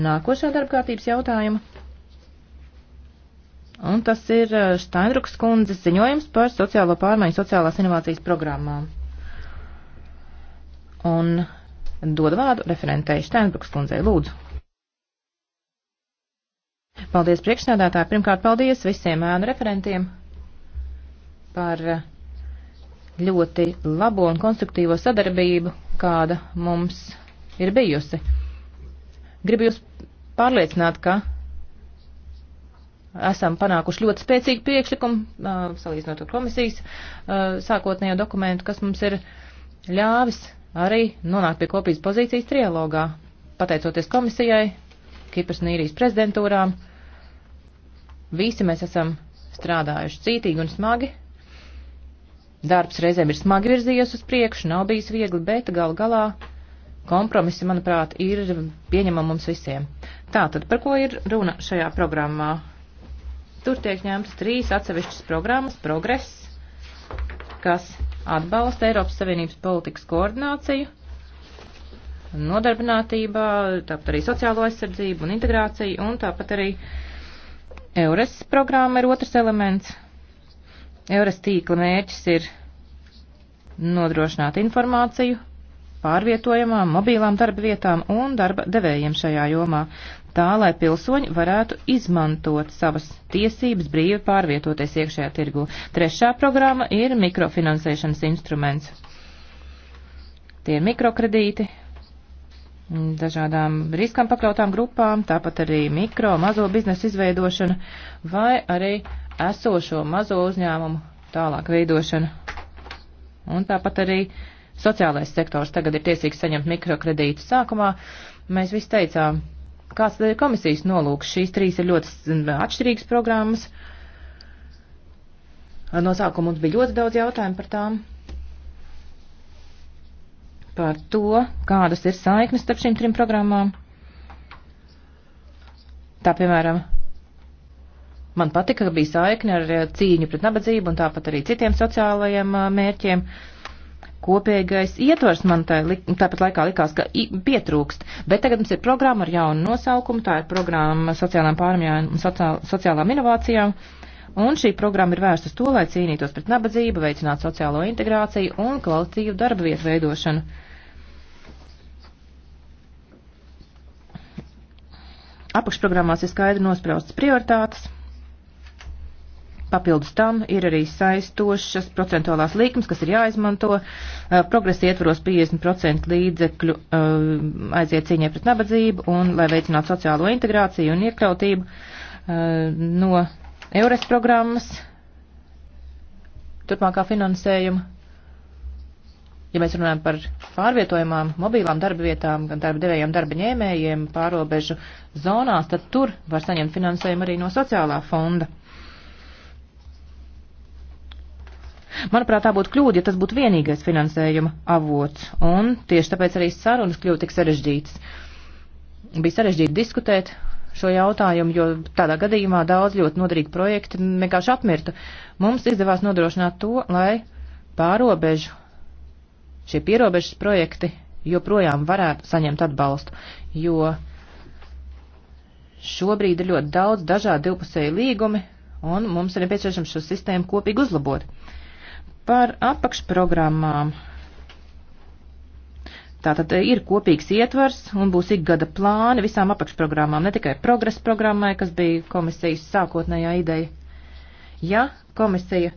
nākošā darbkārtības jautājuma. Un tas ir Štainrukas eh, kundzes ziņojums par sociālo pārmaiņu sociālās inovācijas programmām. Un dod vārdu referentēju Štainrukas kundzei lūdzu. Paldies priekšnādātāji. Pirmkārt, paldies visiem ēnu referentiem par eh, ļoti labo un konstruktīvo sadarbību, kāda mums ir bijusi. Gribu jūs pārliecināt, ka esam panākuši ļoti spēcīgu priekšlikumu, salīdzinot ar komisijas sākotnējo dokumentu, kas mums ir ļāvis arī nonākt pie kopijas pozīcijas trialogā, pateicoties komisijai, Kipras un īrijas prezidentūrām. Visi mēs esam strādājuši cītīgi un smagi. Darbs reizēm ir smagi virzījies uz priekšu, nav bijis viegli, bet gal galā kompromisi, manuprāt, ir pieņemama mums visiem. Tātad, par ko ir runa šajā programmā? Tur tiek ņemts trīs atsevišķas programmas - progress, kas atbalsta Eiropas Savienības politikas koordināciju, nodarbinātībā, tāpat arī sociālo aizsardzību un integrāciju, un tāpat arī Eures programma ir otrs elements. Eures tīkla mērķis ir nodrošināt informāciju pārvietojamām, mobilām darba vietām un darba devējiem šajā jomā, tā lai pilsoņi varētu izmantot savas tiesības brīvi pārvietoties iekšējā tirgu. Trešā programma ir mikrofinansēšanas instruments. Tie ir mikrokredīti dažādām riskam pakļautām grupām, tāpat arī mikro, mazo biznesu izveidošana vai arī esošo mazo uzņēmumu tālāk veidošana. Un tāpat arī uh, sociālais sektors tagad ir tiesīgs saņemt mikrokredītu sākumā, mēs visi teicām, kāds ir komisijas nolūks. Šīs trīs ir ļoti atšķirīgas programmas. No sākuma mums bija ļoti daudz jautājumu par tām. Par to, kādas ir saiknes starp šīm trim programmām. Tā, piemēram, Man patika, ka bija saikne ar eh, cīņu pret nabadzību un tāpat arī citiem sociālajiem eh, mērķiem. Uh, kopīgais ietvars man tā, tāpat laikā likās, ka pietrūkst. Bet tagad mums ir programma ar jaunu nosaukumu, tā ir programma sociālām pārmaiņām un sociāl, sociālām inovācijām. Un šī programma ir vērsta uz to, lai cīnītos pret nabadzību, veicinātu sociālo integrāciju un kvalitīvu darba vietu veidošanu. Apakšprogrammās ir skaidri nospraustas prioritātes Papildus tam ir arī saistošas procentuālās līkums, kas ir jāizmanto. Uh, progresa ietvaros 50% līdzekļu uh, aiziet cīņai pret nabadzību un, lai veicinātu sociālo integrāciju un iekļautību uh, no Eures programmas turpmākā finansējuma. Ja mēs runājam par pārvietojumām, mobilām darba vietām, gan darba devējiem, darba ņēmējiem pārobežu zonās, tad tur var saņemt finansējumu arī no sociālā fonda. Manuprāt, tā būtu kļūda, ja tas būtu vienīgais finansējuma avots, un tieši tāpēc arī sarunas kļūtu tik sarežģītas. Bija sarežģīti diskutēt šo jautājumu, jo tādā gadījumā daudz ļoti noderīgi projekti vienkārši apmirtu. Mums izdevās nodrošināt to, lai pārobežu šie pierobežas projekti joprojām varētu saņemt atbalstu, jo šobrīd ir ļoti daudz dažādu divpusēju līgumi, un mums ir nepieciešams šo sistēmu kopīgi uzlabot. Par apakšprogrammām. Tātad ir kopīgs ietvars un būs ikgada plāni visām apakšprogrammām, ne tikai progresa programmai, kas bija komisijas sākotnējā ideja. Ja komisija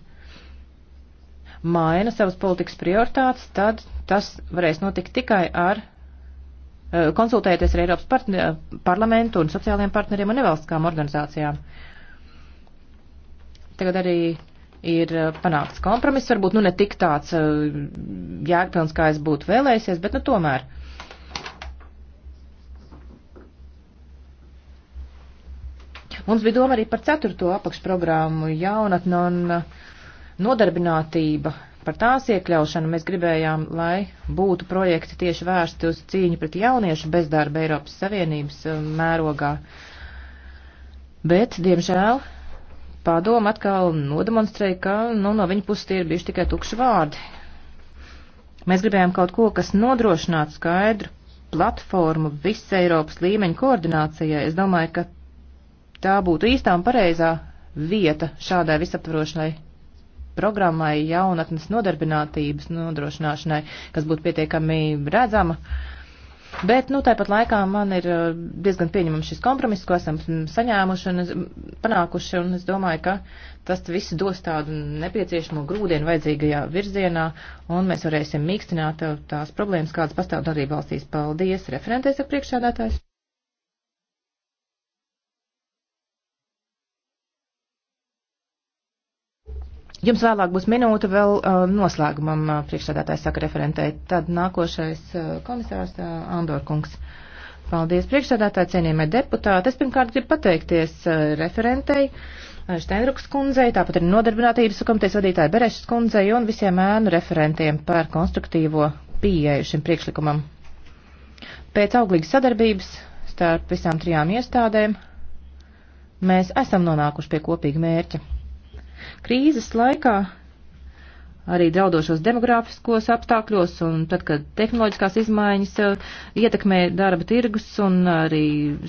maina savas politikas prioritātes, tad tas varēs notikt tikai ar e, konsultēties ar Eiropas partner, parlamentu un sociālajiem partneriem un nevalstiskām organizācijām. Tagad arī ir eh, panākts kompromiss, varbūt nu ne tik tāds eh, jēgpilns, kā es būtu vēlējies, bet nu tomēr. Mums bija doma arī par ceturto apakšprogrammu jaunatne un eh, nodarbinātība. Par tās iekļaušanu mēs gribējām, lai būtu projekti tieši vērsti uz cīņu pret jauniešu bezdarba Eiropas Savienības mērogā. Bet, diemžēl, Pārdoma atkal nodemonstrēja, ka nu, no viņa puses tie ir bijuši tikai tukši vārdi. Mēs gribējām kaut ko, kas nodrošinātu skaidru platformu visai Eiropas līmeņa koordinācijai. Es domāju, ka tā būtu īstā un pareizā vieta šādai visaptvarošanai programmai jaunatnes nodarbinātības nodrošināšanai, kas būtu pietiekami redzama. Uh, Bet, nu, tāpat laikā man ir eh, diezgan pieņemams šis kompromiss, ko esam saņēmuši un panākuši, un es domāju, ka tas viss dos tādu nepieciešamo grūdienu vajadzīgajā virzienā, un mēs varēsim mīkstināt eh, tās problēmas, kādas pastāv darība valstīs. Paldies, referentēs ar priekšādātājs. Jums vēlāk būs minūte vēl uh, noslēgumam uh, priekšsēdētājs saka referentei. Tad nākošais uh, komisārs uh, Andor kungs. Paldies priekšsēdētāji, cienījamie deputāti. Es pirmkārt gribu pateikties uh, referentei. Uh, Steinrukas kundzei, tāpat arī nodarbinātības komitejas vadītāja Berešas kundzei un visiem ēnu referentiem par konstruktīvo pieeju šim priekšlikumam. Pēc auglīgas sadarbības starp visām trijām iestādēm mēs esam nonākuši pie kopīga mērķa. Krīzes laikā arī draudošos demografiskos apstākļos un tad, kad tehnoloģiskās izmaiņas eh, ietekmē darba tirgus un arī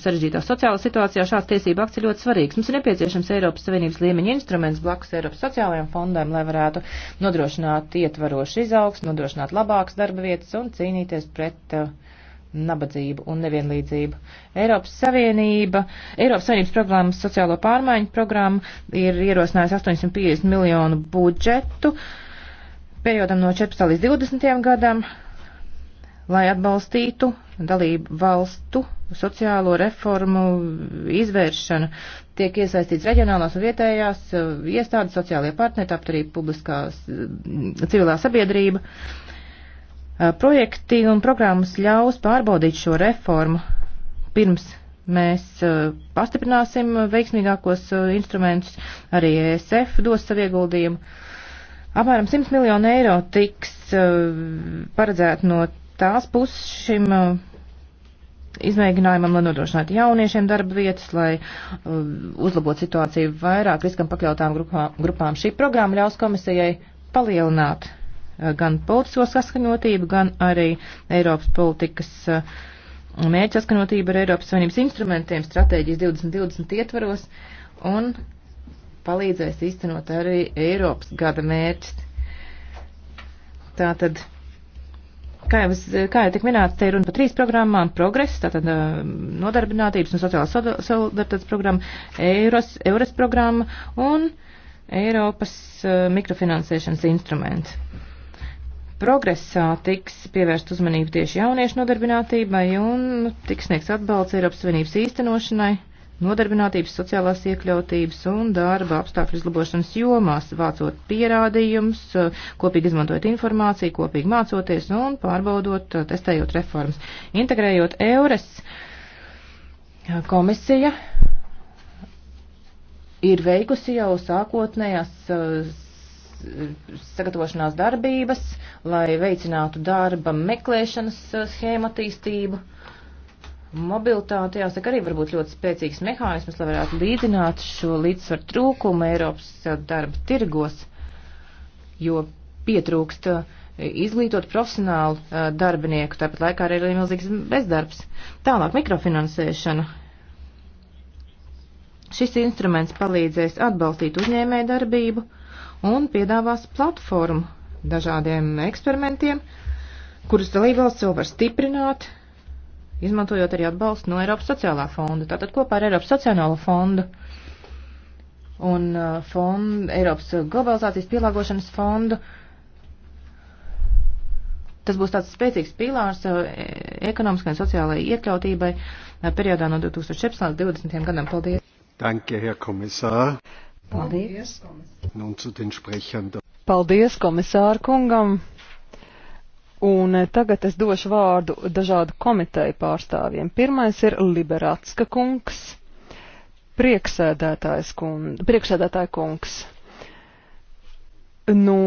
sarežģītā sociālā situācijā šāds tiesība akts ir ļoti svarīgs. Mums ir nepieciešams Eiropas Savienības līmeņa instruments blakus Eiropas sociālajiem fondiem, lai varētu nodrošināt ietvarošu izaugsmu, nodrošināt labākas darba vietas un cīnīties pret uh, nabadzību un nevienlīdzību. Eiropas Savienība, Eiropas Savienības programmas sociālo pārmaiņu programma ir ierosinājusi 850 miljonu budžetu periodam no 14 līdz 20 gadam, lai atbalstītu dalību valstu sociālo reformu izvēršanu. Tiek iesaistīts reģionālās un vietējās uh, iestādes, sociālie partneri, tāpat arī publiskās uh, civilā sabiedrība. Uh, Eh, projekti un programmas ļaus pārbaudīt šo reformu pirms mēs eh, pastiprināsim veiksmīgākos eh, instrumentus, arī ESF dos savu ieguldījumu. Apmēram 100 miljonu eiro tiks paredzēt no tās puses šim izmēģinājumam, lai nodrošinātu jauniešiem darba vietas, lai uzlabotu situāciju vairāk riskam pakļautām grupām. grupām. Šī programma ļaus komisijai palielināt Eh, gan politisko saskaņotību, gan arī Eiropas politikas eh, mērķa saskaņotību ar Eiropas Savienības instrumentiem, stratēģijas 2020 ietvaros un palīdzēs īstenot arī Eiropas gada mērķis. Tātad, kā jau, es, kā jau tik minēts, te ir runa par trīs programmām - progress, tātad eh, nodarbinātības un sociālās solidaritātes programma, Eiros, Eures programma un Eiropas mikrofinansēšanas instruments progresā tiks pievērst uzmanību tieši jauniešu nodarbinātībai un tiks sniegts atbalsts Eiropas Savienības īstenošanai nodarbinātības, sociālās iekļautības un darba apstākļu uzlabošanas jomās, vācot pierādījumus, kopīgi izmantojot informāciju, kopīgi mācoties un pārbaudot, testējot reformas. Integrējot EURES komisija ir veikusi jau sākotnējās sagatavošanās darbības, lai veicinātu darba meklēšanas eh, schēma attīstību. Mobilitāte, jāsaka, arī varbūt ļoti spēcīgs mehānisms, lai varētu līdzināt šo līdzsvaru trūkumu Eiropas eh, darba tirgos, jo pietrūkst eh, izglītot profesionālu darbinieku, tāpat laikā arī ir milzīgs bezdarbs. Tālāk mikrofinansēšana. Šis instruments palīdzēs atbalstīt uzņēmē darbību un piedāvās platformu dažādiem eksperimentiem, kurus dalībvalsts vēl var stiprināt, izmantojot arī atbalstu no Eiropas sociālā fonda. Tātad kopā ar Eiropas sociālo fondu un uh, fondu, Eiropas globalizācijas pielāgošanas fondu. Tas būs tāds spēcīgs pīlārs uh, e, ekonomiskai un sociālajai iekļautībai uh, periodā no 2017. līdz 2020. gadam. Paldies! Danke, Herr Kommissar! Paldies. Nu, Paldies komisāru kungam. Un eh, tagad es došu vārdu dažādu komiteju pārstāvjiem. Pirmais ir Liberatska kungs, priekšsēdētājs kund, priekšsēdētāja kungs. No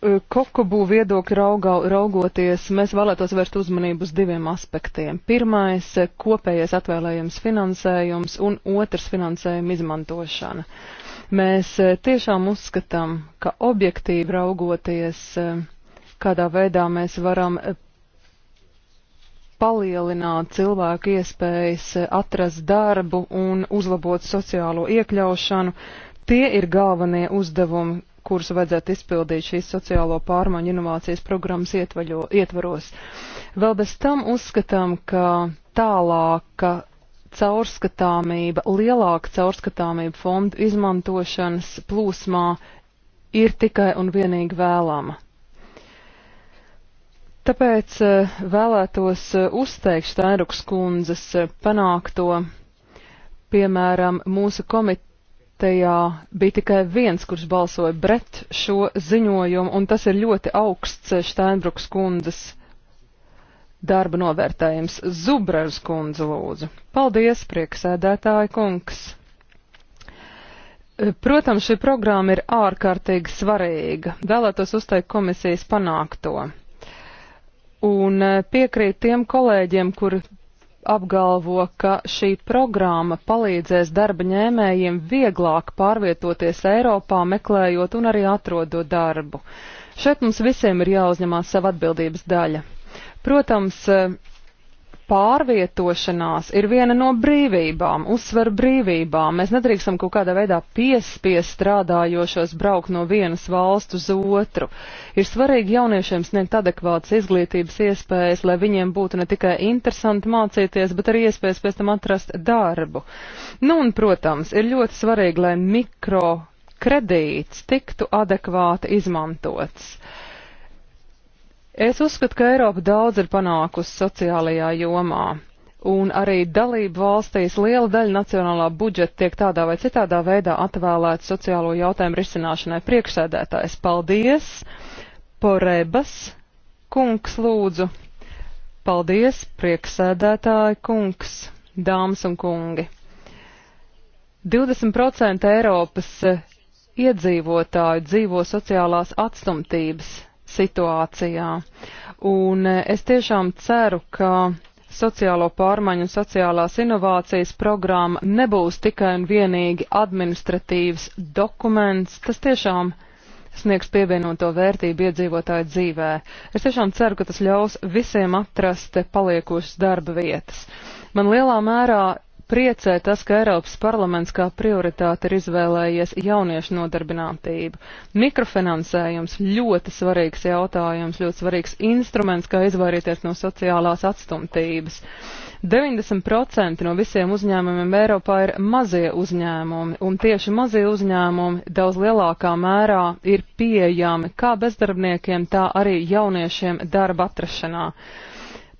Eh, kokobū viedokļa raugau, raugoties, mēs vēlētos vērst uzmanību uz diviem aspektiem. Pirmais - kopējais atvēlējums finansējums un otrs - finansējuma izmantošana. Mēs eh, tiešām uzskatām, ka objektīvi raugoties, eh, kādā veidā mēs varam palielināt cilvēku iespējas atrast darbu un uzlabot sociālo iekļaušanu, tie ir galvenie uzdevumi, kurus vajadzētu izpildīt šīs sociālo pārmaiņu inovācijas programmas ietvaļo, ietvaros. Vēl bez tam uzskatām, ka tālāka caurskatāmība, lielāka caurskatāmība fondu izmantošanas plūsmā ir tikai un vienīgi vēlama. Tāpēc eh, vēlētos eh, uzteikt Stairuks kundzes eh, panākto, piemēram, mūsu komiteja komitejā bija tikai viens, kurš balsoja pret šo ziņojumu, un tas ir ļoti augsts Steinbruks kundzes darba novērtējums. Zubrers kundze lūdzu. Paldies, prieksēdētāji kungs. Protams, šī programma ir ārkārtīgi svarīga. Vēlētos uzteikt komisijas panākto. Un eh, piekrīt tiem kolēģiem, kur apgalvo, ka šī programma palīdzēs darba ņēmējiem vieglāk pārvietoties Eiropā, meklējot un arī atrodot darbu. Šeit mums visiem ir jāuzņemās sava atbildības daļa. Protams, pārvietošanās ir viena no brīvībām, uzsver brīvībām. Mēs nedrīkstam kaut kādā veidā piespiest strādājošos braukt no vienas valsts uz otru. Ir svarīgi jauniešiem sniegt adekvātas izglītības iespējas, lai viņiem būtu ne tikai interesanti mācīties, bet arī iespējas pēc tam atrast darbu. Nu un, protams, ir ļoti svarīgi, lai mikro kredīts tiktu adekvāti izmantots. Uh, Es uzskatu, ka Eiropa daudz ir panākusi sociālajā jomā. Un arī dalību valstīs liela daļa nacionālā budžeta tiek tādā vai citādā veidā atvēlēta sociālo jautājumu risināšanai. Priekšsēdētājs, paldies! Porebas kungs lūdzu. Paldies, prieksēdētāji kungs, dāmas un kungi. 20% Eiropas iedzīvotāju dzīvo sociālās atstumtības situācijā. Un eh, es tiešām ceru, ka sociālo pārmaiņu un sociālās inovācijas programma nebūs tikai un vienīgi administratīvs dokuments, tas tiešām sniegs pievienoto vērtību iedzīvotāju dzīvē. Es tiešām ceru, ka tas ļaus visiem atrast paliekošas darba vietas. Man lielā mērā Priecē tas, ka Eiropas parlaments kā prioritāte ir izvēlējies jauniešu nodarbinātību. Mikrofinansējums ļoti svarīgs jautājums, ļoti svarīgs instruments, kā izvairīties no sociālās atstumtības. 90% no visiem uzņēmumiem Eiropā ir mazie uzņēmumi, un tieši mazie uzņēmumi daudz lielākā mērā ir pieejami kā bezdarbniekiem, tā arī jauniešiem darba atrašanā.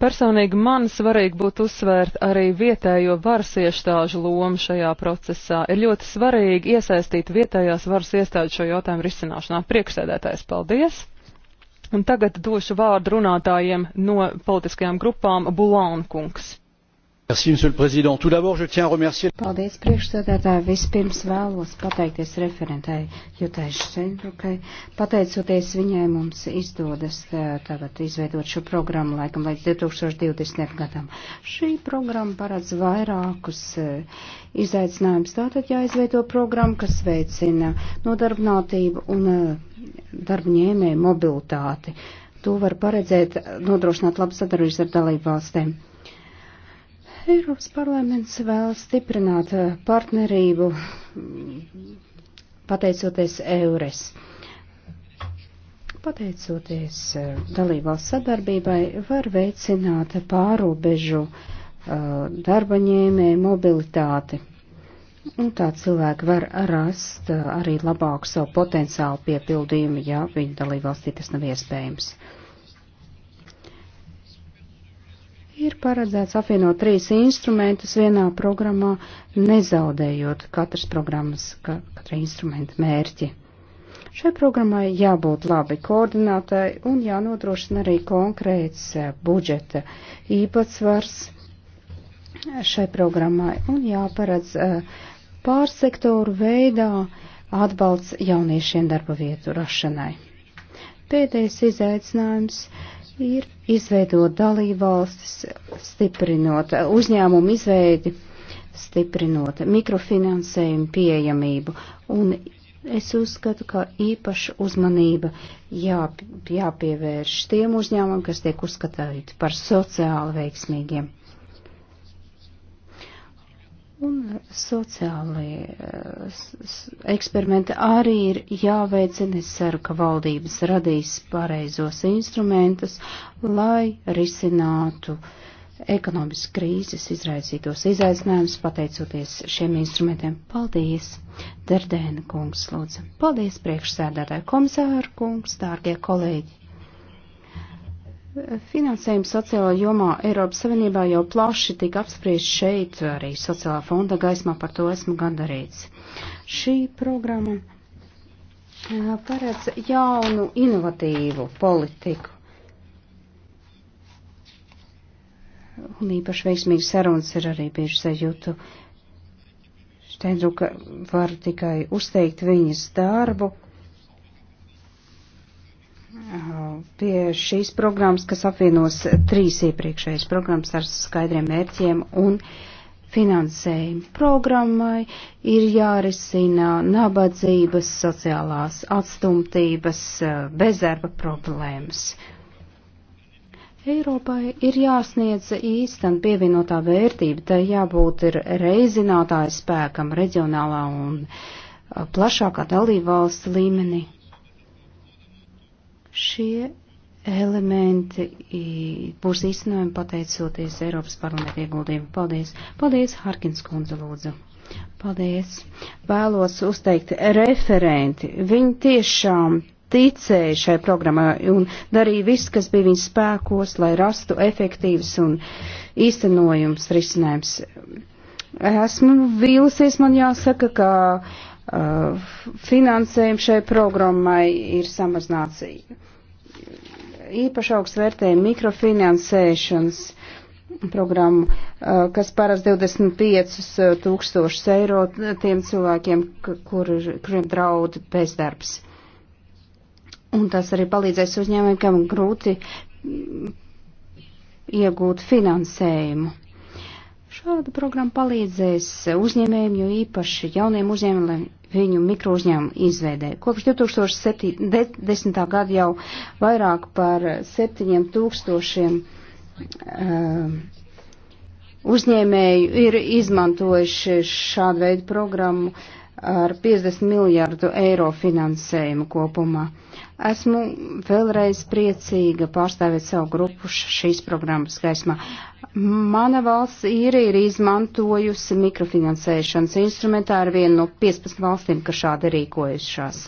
Personīgi man svarīgi būtu uzsvērt arī vietējo varas iestāžu lomu šajā procesā. Ir ļoti svarīgi iesaistīt vietējās varas iestāžu šo jautājumu risināšanā. Priekšsēdētājs, paldies! Un tagad došu vārdu runātājiem no politiskajām grupām Bulānkungs. Paldies, priekšsēdētāji. Vispirms vēlos pateikties referentai Jutai Šenrukai. Pateicoties viņai, mums izdodas eh, tagad izveidot šo programmu laikam līdz 2020. gadam. Šī programma paredz vairākus eh, izaicinājumus. Tātad jāizveido programma, kas veicina nodarbinātību un eh, darbņēmēju mobilitāti. To var paredzēt, nodrošināt labu sadarbības ar dalību valstēm Eiropas parlaments vēl stiprināt eh, partnerību pateicoties Eures. Pateicoties eh, dalībvalsts sadarbībai, var veicināt pārobežu eh, darba ņēmēju mobilitāti. Un tā cilvēki var rast arī labāku savu potenciālu piepildījumu, ja viņu dalībvalstī tas nav iespējams. ir paredzēts apvienot trīs instrumentus vienā programmā, nezaudējot katras programmas, ka, katra instrumenta mērķi. Šai programmai jābūt labi koordinātai un jānodrošina arī konkrēts eh, budžeta īpatsvars šai programmai un jāparedz eh, pārsektoru veidā atbalsts jauniešiem darba vietu rašanai. Pēdējais izaicinājums ir izveidot dalībvalstis, stiprinot uzņēmumu izveidi, stiprinot mikrofinansējumu pieejamību. Un es uzskatu, ka īpaša uzmanība jā, jāpievērš tiem uzņēmumiem, kas tiek uzskatīti par sociāli veiksmīgiem. Un sociālie eh, eksperimenti arī ir jāveicina. Es ceru, ka valdības radīs pareizos instrumentus, lai risinātu ekonomiskas krīzes izraisītos izaicinājumus, pateicoties šiem instrumentiem. Paldies, Derdēna kungs, lūdzu. Paldies, priekšsēdētāji komisāru kungs, dārgie kolēģi. Finansējums sociālā jomā Eiropas Savienībā jau plaši tika apspriests šeit, arī sociālā fonda gaismā par to esmu gandarīts. Šī programma eh, paredz jaunu, inovatīvu politiku. Un īpaši veiksmīgi sarunas ir arī bieži sajūtu. Šteidru, ka var tikai uzteikt viņas darbu pie šīs programmas, kas apvienos trīs iepriekšējas programmas ar skaidriem mērķiem un finansējumu programmai, ir jārisina nabadzības, sociālās atstumtības, bezdarba problēmas. Eiropai ir jāsniedz īsten pievienotā vērtība, tai jābūt ir reizinātāja spēkam reģionālā un plašākā dalībvalsts līmenī. Šie elementi būs īstenojami pateicoties Eiropas parlamenta ieguldījumu. Paldies! Paldies, Harkins kundze, lūdzu! Paldies! Vēlos uzteikt referenti. Viņi tiešām ticēja šai programmai un darīja viss, kas bija viņas spēkos, lai rastu efektīvs un īstenojums risinājums. Esmu vīlusies, man jāsaka, ka finansējums šai programmai ir samazināts. Īpaši augsts vērtēja mikrofinansēšanas programmu, uh, kas paras 25 tūkstošus eiro tiem cilvēkiem, kur, kuriem draud bezdarbs. Un tas arī palīdzēs uzņēmumiem, kam grūti iegūt finansējumu. Šāda programma palīdzēs uzņēmējiem, jo īpaši jauniem uzņēmumiem viņu mikrouzņēmumu izveidē. Kopš 2010. gada jau vairāk par 7000 uh, um, uzņēmēju ir izmantojuši šādu veidu programmu. Uh, ar 50 miljārdu eiro finansējumu kopumā. Esmu vēlreiz priecīga pārstāvēt savu grupu šīs programmas gaismā. Mana valsts īri ir izmantojusi mikrofinansēšanas instrumentā ar vienu no 15 valstīm, kas šādi rīkojušās.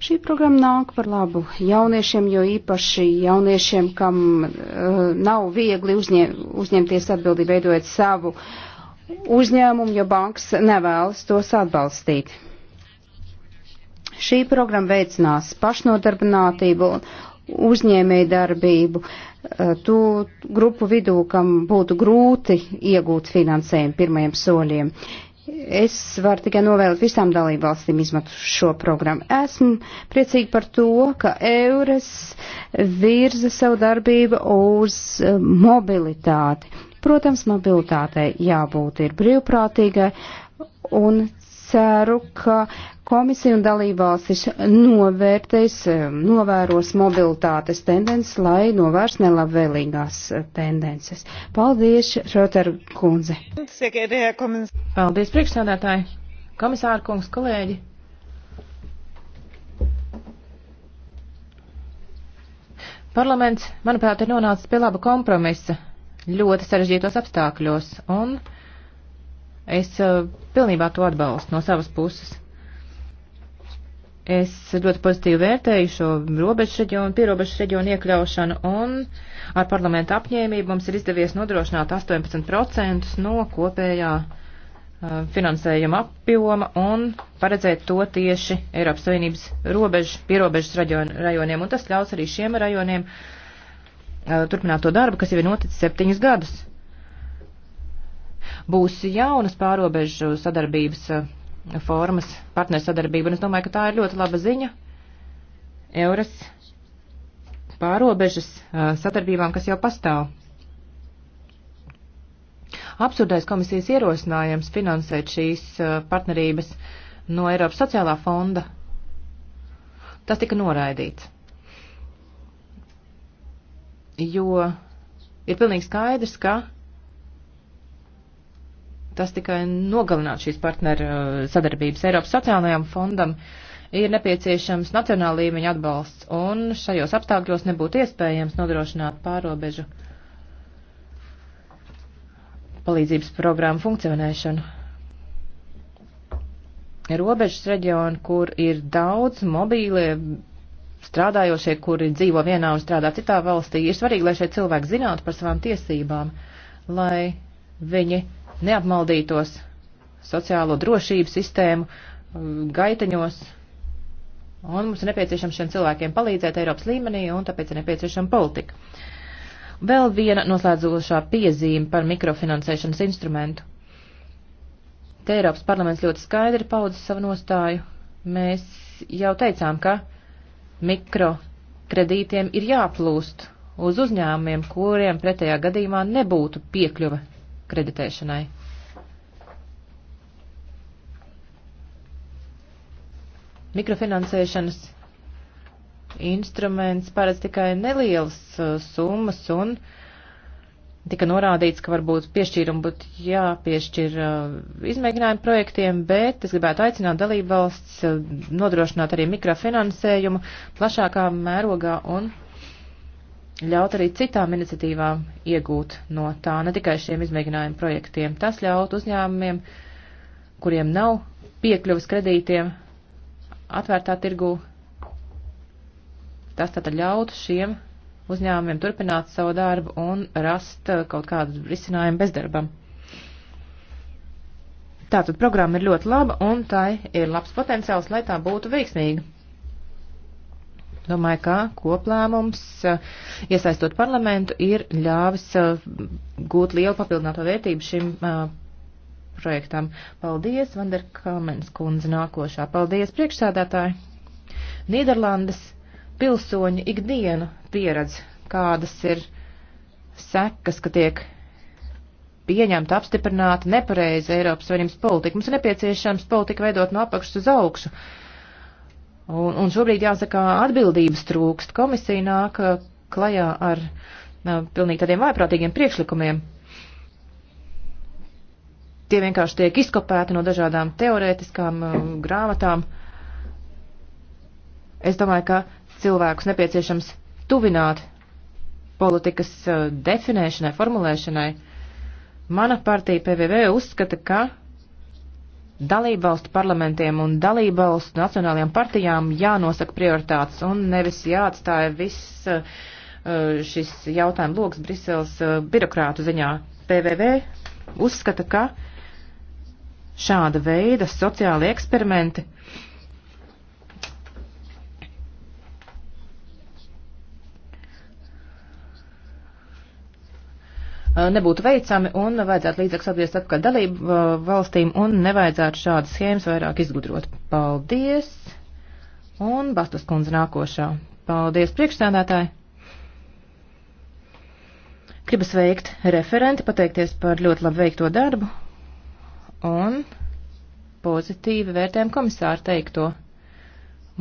Šī programma nāk par labu jauniešiem, jo īpaši jauniešiem, kam uh, nav viegli uzņem, uzņemties atbildību, veidojot savu uh, uzņēmumu, jo bankas nevēlas tos atbalstīt. Šī programma veicinās pašnodarbinātību un uzņēmēju darbību eh, tu grupu vidū, kam būtu grūti iegūt finansējumu pirmajiem soļiem. Es varu tikai novēlēt visām dalībvalstīm izmantot šo programmu. Esmu priecīgi par to, ka Eures virza savu darbību uz eh, mobilitāti Protams, mobilitātei jābūt ir brīvprātīgai un ceru, ka komisija un dalībvalstis novērtēs, um, novēros mobilitātes tendences, lai novērs nelabvēlīgās uh, tendences. Paldies, Šotar kundze. Paldies, priekšsādātāji, komisāra kungs, kolēģi. Parlaments, manuprāt, ir nonācis pie laba kompromisa ļoti sarežģītos apstākļos, un es eh, pilnībā to atbalstu no savas puses. Es ļoti pozitīvi vērtēju šo robežu reģionu, pierobežu reģionu iekļaušanu, un ar parlamentu apņēmību mums ir izdevies nodrošināt 18% no kopējā eh, finansējuma apjoma un paredzēt to tieši Eiropas Savienības robežu, pierobežas rajoniem, un tas ļaus arī šiem rajoniem uh, turpināt to darbu, kas jau ir noticis septiņus gadus. Būs jaunas pārobežu sadarbības formas, partnersadarbība, un es domāju, ka tā ir ļoti laba ziņa. Euras pārobežas sadarbībām, kas jau pastāv. Absurdais komisijas ierosinājums finansēt šīs partnerības no Eiropas sociālā fonda. Tas tika noraidīts jo ir pilnīgi skaidrs, ka tas tikai nogalināt šīs partneru eh, sadarbības Eiropas sociālajām fondam ir nepieciešams nacionāla līmeņa atbalsts, un šajos apstākļos nebūtu iespējams nodrošināt pārobežu palīdzības programmu funkcionēšanu. Robežas reģioni, kur ir daudz mobīlie strādājošie, kuri dzīvo vienā un strādā citā valstī, ir svarīgi, lai šie cilvēki zinātu par savām tiesībām, lai viņi neapmaldītos sociālo drošību sistēmu um, gaiteņos. Un mums ir nepieciešams šiem cilvēkiem palīdzēt Eiropas līmenī, un tāpēc ir nepieciešama politika. Vēl viena noslēdzošā piezīme par mikrofinansēšanas instrumentu. Te Eiropas parlaments ļoti skaidri paudzis savu nostāju. Mēs jau teicām, ka mikrokredītiem ir jāplūst uz uzņēmumiem, kuriem pretējā gadījumā nebūtu piekļuva kreditēšanai. Mikrofinansēšanas instruments paredz tikai nelielas uh, summas un uh, tika norādīts, ka varbūt piešķīrumu būtu jāpiešķir uh, izmēģinājumu projektiem, bet es gribētu aicināt dalību valsts uh, nodrošināt arī mikrofinansējumu plašākā mērogā un ļaut arī citām iniciatīvām iegūt no tā, ne tikai šiem izmēģinājumu projektiem. Tas ļaut uzņēmumiem, kuriem nav piekļuvis kredītiem atvērtā tirgū, tas tātad ļautu šiem uzņēmumiem turpināt savu darbu un rast eh, kaut kādu risinājumu bezdarbam. Tātad programma ir ļoti laba un tai ir labs potenciāls, lai tā būtu veiksmīga. Domāju, ka koplēmums, eh, iesaistot parlamentu, ir ļāvis eh, gūt lielu papildināto vērtību šim projektam. Paldies, Vanderkamens kundze nākošā. Paldies, priekšsādātāji. Nīderlandes pilsoņu ikdienu pieredzi, kādas ir sekas, ka tiek pieņemta, apstiprināta nepareiza Eiropas Savienības politika. Mums ir nepieciešams politika veidot no apakšas uz augšu. Un, un šobrīd jāsaka, atbildības trūkst. Komisija nāk uh, klajā ar nā, uh, pilnīgi tādiem vaiprātīgiem priekšlikumiem. Tie vienkārši tiek izkopēti no dažādām teorētiskām uh, grāmatām. Es domāju, ka cilvēkus nepieciešams tuvināt politikas uh, definēšanai, formulēšanai. Mana partija PVV uzskata, ka dalību valstu parlamentiem un dalību valstu nacionālajām partijām jānosaka prioritātes un nevis jāatstāja viss uh, uh, šis jautājums loks Briseles birokrātu ziņā. PVV uzskata, ka šāda veida sociāli eksperimenti uh, Uh, nebūtu veicami un vajadzētu līdzekļus atgriezt atpakaļ dalību uh, valstīm un nevajadzētu šādas schēmas vairāk izgudrot. Paldies! Un Bastas kundze nākošā. Paldies, priekšstādātāji! Gribu sveikt referenti, pateikties par ļoti labi veikto darbu un pozitīvi vērtējumu komisāru teikto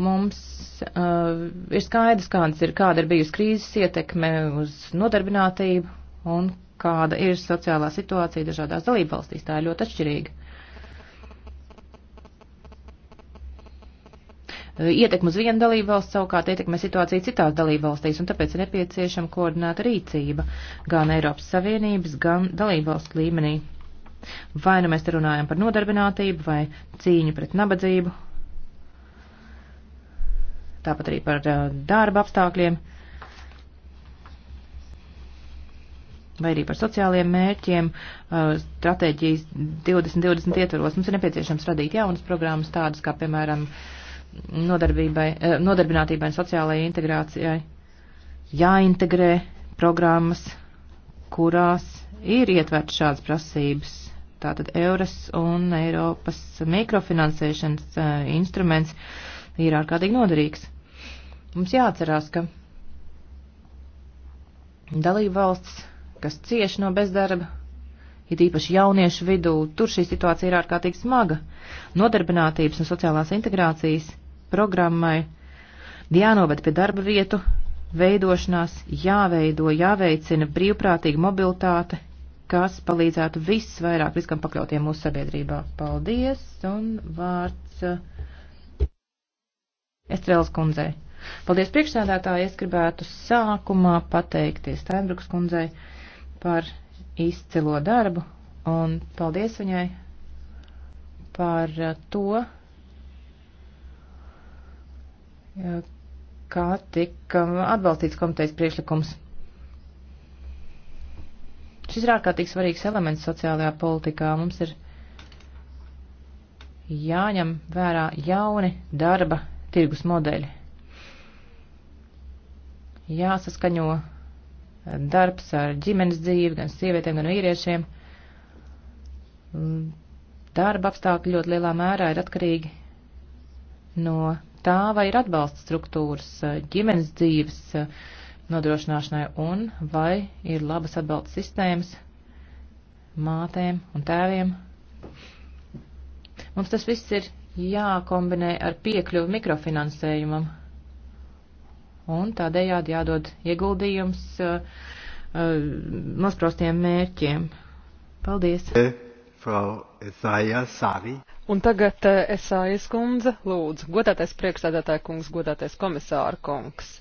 mums uh, ir skaidrs, kādas ir, kāda ir bijusi krīzes ietekme uz nodarbinātību un kāda ir sociālā situācija dažādās dalībvalstīs. Tā ir ļoti atšķirīga. Ietekme uz vienu dalībvalstu savukārt ietekmē situāciju citās dalībvalstīs, un tāpēc ir nepieciešama koordinēta rīcība gan Eiropas Savienības, gan dalībvalstu līmenī. Vai nu mēs te runājam par nodarbinātību vai cīņu pret nabadzību, tāpat arī par darba apstākļiem. Uh, vai arī par sociālajiem mērķiem, uh, stratēģijas 2020 ietvaros. Mums ir nepieciešams radīt jaunas programmas, tādas kā, piemēram, uh, nodarbinātībai un sociālajai integrācijai. Jāintegrē programmas, kurās ir ietverts šādas prasības. Tātad Eures un Eiropas mikrofinansēšanas uh, instruments ir ārkārtīgi noderīgs. Mums jāatcerās, ka dalību valsts kas cieši no bezdarba, it īpaši jauniešu vidū, tur šī situācija ir ārkārtīgi smaga. Nodarbinātības un sociālās integrācijas programmai jānovada pie darba vietu veidošanās, jāveido, jāveicina brīvprātīga mobilitāte, kas palīdzētu visvairāk riskam pakļautiem mūsu sabiedrībā. Paldies un vārds eh, Estrēlas kundzei. Paldies priekšsēdētāji, es gribētu sākumā pateikties Steinbruks kundzei par izcilo darbu un paldies viņai par uh, to, kā tika atbalstīts komitejas priekšlikums. Šis ir ārkārtīgi svarīgs elements sociālajā politikā. Mums ir jāņem vērā jauni darba tirgus modeļi. Jāsaskaņo darbs ar ģimenes dzīvi, gan sievietēm, gan vīriešiem. Darba apstākļi ļoti lielā mērā ir atkarīgi no tā, vai ir atbalsta struktūras ģimenes dzīves nodrošināšanai un vai ir labas atbalsta sistēmas mātēm un tēviem. Mums tas viss ir jākombinē ar piekļuvu mikrofinansējumam, un tādējādi jādod ieguldījums uh, uh nosprostiem mērķiem. Paldies! E, Frau Esāja Sāri. Un tagad e, Esājas kundze, lūdzu, godātais priekšsēdētāja kungs, godātais komisāra kungs.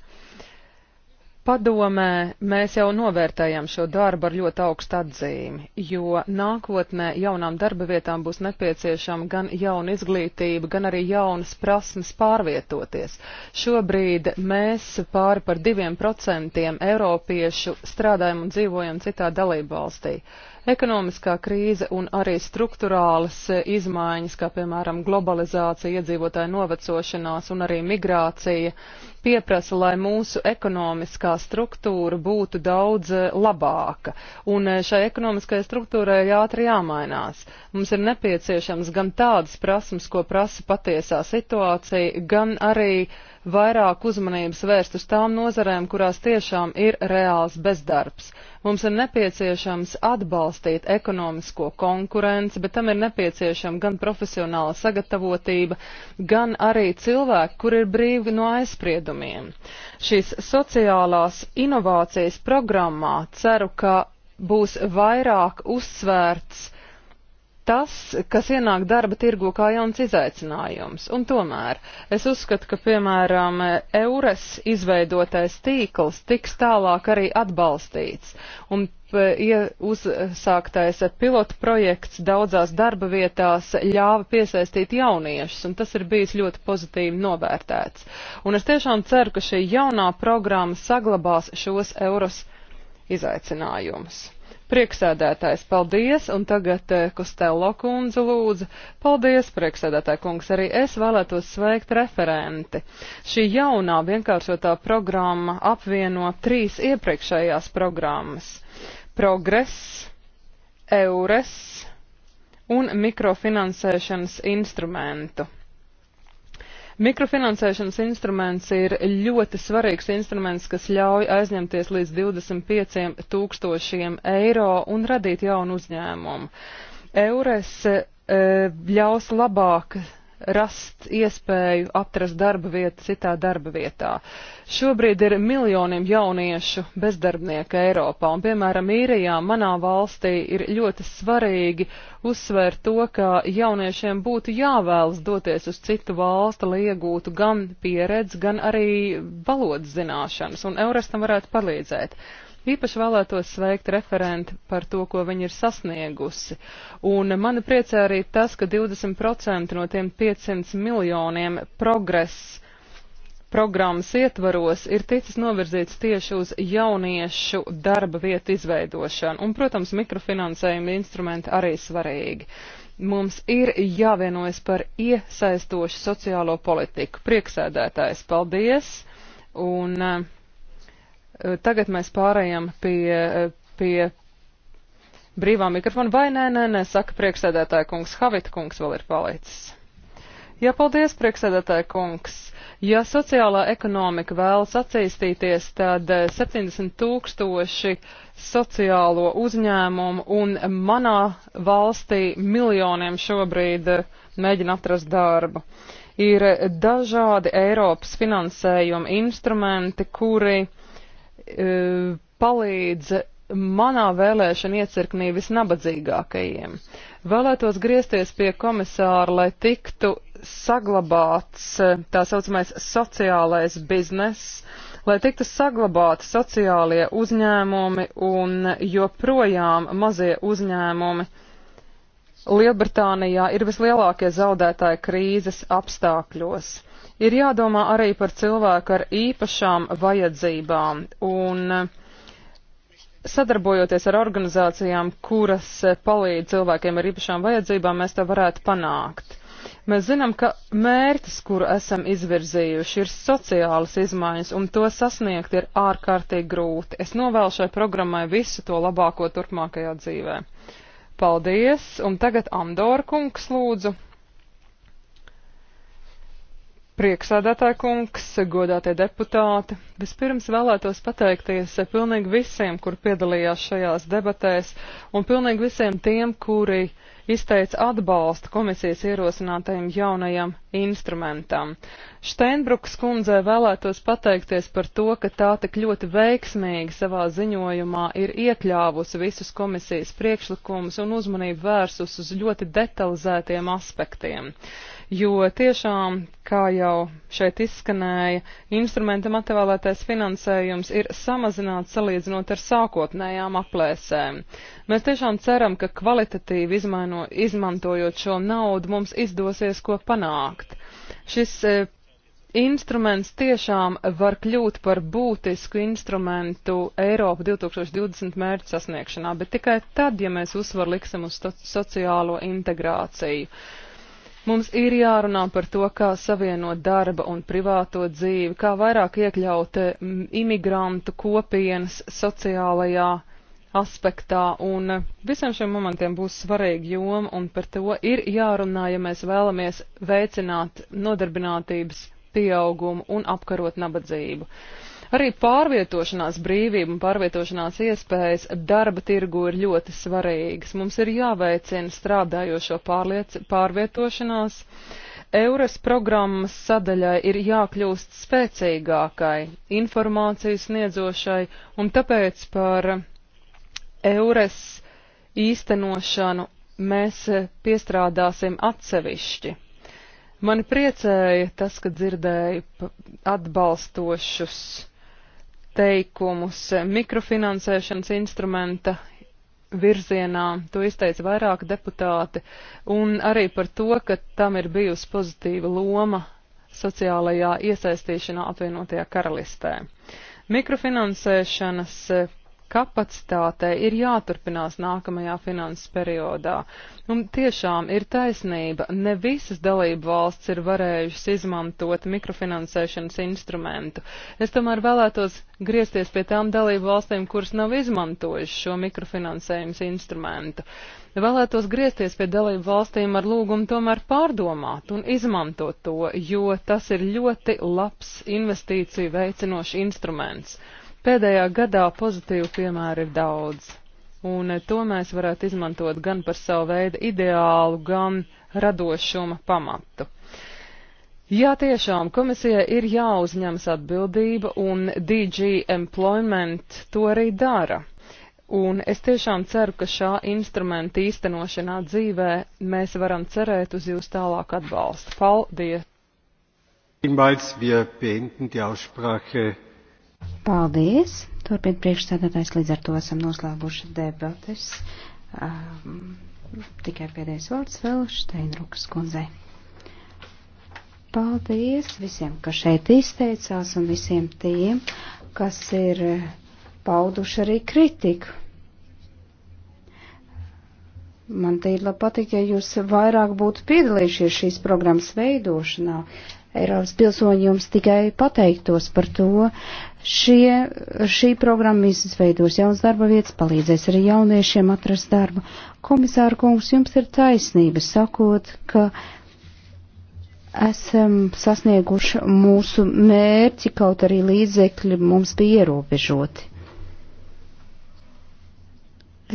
Padomē mēs jau novērtējam šo darbu ar ļoti augstu atzīmi, jo nākotnē jaunām darba vietām būs nepieciešama gan jauna izglītība, gan arī jaunas prasmes pārvietoties. Šobrīd mēs pāri par diviem procentiem eiropiešu strādājam un dzīvojam citā dalību valstī. Ekonomiskā krīze un arī struktūrālas eh, izmaiņas, kā piemēram globalizācija, iedzīvotāju novecošanās un arī migrācija, pieprasa, lai mūsu ekonomiskā struktūra būtu daudz eh, labāka. Un eh, šai ekonomiskajai struktūrai ātri jāmainās. Mums ir nepieciešams gan tādas prasmes, ko prasa patiesā situācija, gan arī uh, vairāk uzmanības vērst uz tām nozarēm, kurās tiešām ir reāls bezdarbs. Mums ir nepieciešams atbalstīt ekonomisko konkurenci, bet tam ir nepieciešama gan profesionāla sagatavotība, gan arī cilvēki, kur ir brīvi no aizspriedumiem. Šīs sociālās inovācijas programmā ceru, ka būs vairāk uzsvērts tas, kas ienāk darba tirgu kā jauns izaicinājums. Un tomēr es uzskatu, ka, piemēram, eures izveidotais tīkls tiks tālāk arī atbalstīts. Un e, uzsāktais pilotu projekts daudzās darba vietās ļāva piesaistīt jauniešus, un tas ir bijis ļoti pozitīvi novērtēts. Un es tiešām ceru, ka šī jaunā programma saglabās šos euros izaicinājumus. Prieksēdētājs, paldies, un tagad eh, Kostelo kundze lūdzu. Paldies, prieksēdētāja kungs, arī es vēlētos sveikt referenti. Šī jaunā vienkāršotā programma apvieno trīs iepriekšējās programmas - Progress, Eures un mikrofinansēšanas instrumentu. Mikrofinansēšanas instruments ir ļoti svarīgs instruments, kas ļauj aizņemties līdz 25 tūkstošiem eiro un radīt jaunu uzņēmumu. Eures eh, ļaus labāk rast iespēju atrast darba vietu citā darba vietā. Šobrīd ir miljoniem jauniešu bezdarbnieku Eiropā, un, piemēram, īrijā manā valstī ir ļoti svarīgi uzsvērt to, ka jauniešiem būtu jāvēlas doties uz citu valstu, lai iegūtu gan pieredzi, gan arī valodas zināšanas, un Eurostam varētu palīdzēt. Īpaši vēlētos sveikt referenti par to, ko viņi ir sasniegusi. Un mani priecē arī tas, ka 20% no tiem 500 miljoniem progress programmas ietvaros ir ticis novirzīts tieši uz jauniešu darba vietu izveidošanu. Un, protams, mikrofinansējuma instrumenti arī svarīgi. Mums ir jāvienojas par iesaistošu sociālo politiku. Prieksēdētājs, paldies! Un, uh, Eh, tagad mēs pārējām pie, eh, pie brīvā mikrofona. Vai nē, nē, nē, saka priekšsēdētāja kungs, Havita kungs vēl ir palicis. Jā, paldies, priekšsēdētāja kungs. Ja sociālā ekonomika vēlas attīstīties, tad 70 eh, tūkstoši sociālo uzņēmumu un manā valstī miljoniem šobrīd mēģina atrast darbu. Ir dažādi Eiropas finansējuma instrumenti, kuri E, palīdz manā vēlēšana iecirknī visnabadzīgākajiem. Vēlētos griezties pie komisāra, lai tiktu saglabāts e, tā saucamais sociālais bizness, lai tiktu saglabāti sociālie uzņēmumi un joprojām mazie uzņēmumi. Lielbritānijā ir vislielākie zaudētāji krīzes apstākļos. Ir jādomā arī par cilvēku ar īpašām vajadzībām un eh, sadarbojoties ar organizācijām, kuras eh, palīdz cilvēkiem ar īpašām vajadzībām, mēs to varētu panākt. Mēs zinām, ka mērķis, kuru esam izvirzījuši, ir sociālas izmaiņas, un to sasniegt ir ārkārtīgi grūti. Es novēlu šai programmai visu to labāko turpmākajā dzīvē. Paldies, un tagad Andorkungs lūdzu. Prieksēdētāja kungs, godātie deputāti, vispirms vēlētos pateikties pilnīgi visiem, kur piedalījās šajās debatēs, un pilnīgi visiem tiem, kuri uh, izteica atbalstu komisijas ierosinātajam jaunajam instrumentam. Steinbruks kundzē vēlētos pateikties par to, ka tā tik ļoti veiksmīgi savā ziņojumā ir iekļāvusi visus komisijas priekšlikumus un uzmanību vērsus uz ļoti detalizētiem aspektiem. Jo tiešām, kā jau šeit izskanēja, instrumentam atvēlētais finansējums ir samazināts salīdzinot ar sākotnējām aplēsēm. Mēs tiešām ceram, ka kvalitatīvi izmainot izmano, izmantojot šo naudu, mums izdosies ko panākt. Šis e, instruments tiešām var kļūt par būtisku instrumentu Eiropa 2020 mērķu sasniegšanā, bet tikai tad, ja mēs uzsvaru liksim uz sociālo integrāciju. Mums ir jārunā par to, kā savienot darba un privāto dzīvi, kā vairāk iekļaut imigrantu kopienas sociālajā aspektā, un visiem šiem momentiem būs svarīga joma, un par to ir jārunā, ja mēs vēlamies veicināt nodarbinātības pieaugumu un apkarot nabadzību. Arī pārvietošanās brīvība un pārvietošanās iespējas darba tirgu ir ļoti svarīgas. Mums ir jāveicina strādājošo pārliec, pārvietošanās. Eures programmas sadaļai ir jākļūst spēcīgākai, informācijas sniedzošai, un tāpēc par eures īstenošanu mēs piestrādāsim atsevišķi. Mani priecēja tas, ka dzirdēju atbalstošus teikumus mikrofinansēšanas instrumenta virzienā, to izteica vairāk deputāti, un arī par to, ka tam ir bijusi pozitīva loma sociālajā iesaistīšanā apvienotajā karalistē. Mikrofinansēšanas kapacitātei ir jāturpinās nākamajā finanses periodā. Un tiešām ir taisnība, ne visas dalību valsts ir varējušas izmantot mikrofinansēšanas instrumentu. Es tomēr vēlētos griezties pie tām dalību valstīm, kuras nav izmantojušas šo mikrofinansējums instrumentu. Vēlētos griezties pie dalību valstīm ar lūgumu tomēr pārdomāt un izmantot to, jo tas ir ļoti labs investīciju veicinošs instruments. Pēdējā gadā pozitīvu piemēru ir daudz, un eh, to mēs varētu izmantot gan par savu veidu ideālu, gan radošuma pamatu. Jā, tiešām komisijai ir jāuzņemas atbildība, un DG Employment to arī dara. Un es tiešām ceru, ka šā instrumenta īstenošanā dzīvē mēs varam cerēt uz jūsu tālāku atbalstu. Paldies! Hinweis, wir beenden die Aussprache. Paldies! Turpiniet priekšsēdētājs, līdz ar to esam noslēguši debates. Um, tikai pēdējais vārds vēl Šteinrukas kundzei. Paldies visiem, kas šeit izteicās un visiem tiem, kas ir pauduši arī kritiku. Man te ir labi patikt, ja jūs vairāk būtu piedalījušies šīs programmas veidošanā. Uh, Eiropas pilsoņi jums tikai pateiktos par to. Šie, šī programma izveidos jauns darba vietas, palīdzēs arī jauniešiem atrast darbu. Komisāra kungs, jums ir taisnība sakot, ka esam sasnieguši mūsu mērķi, kaut arī līdzekļi mums bija ierobežoti.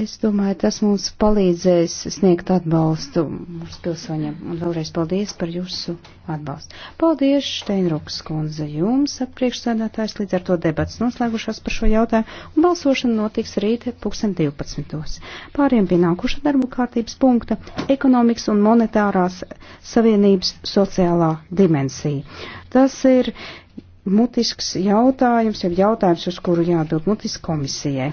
Es domāju, tas mums palīdzēs sniegt atbalstu mūsu pilsoņiem. Un vēlreiz paldies par jūsu atbalstu. Paldies, Steinruks kundze, jums priekšsēdētājs. Līdz ar to debats noslēgušās par šo jautājumu. Un balsošana notiks rīt 2012. Pāriem pie nākuša darbu kārtības punkta - ekonomikas un monetārās savienības sociālā dimensija. Tas ir mutisks jautājums, jau jautājums, uz kuru jāatbild mutisks komisijai.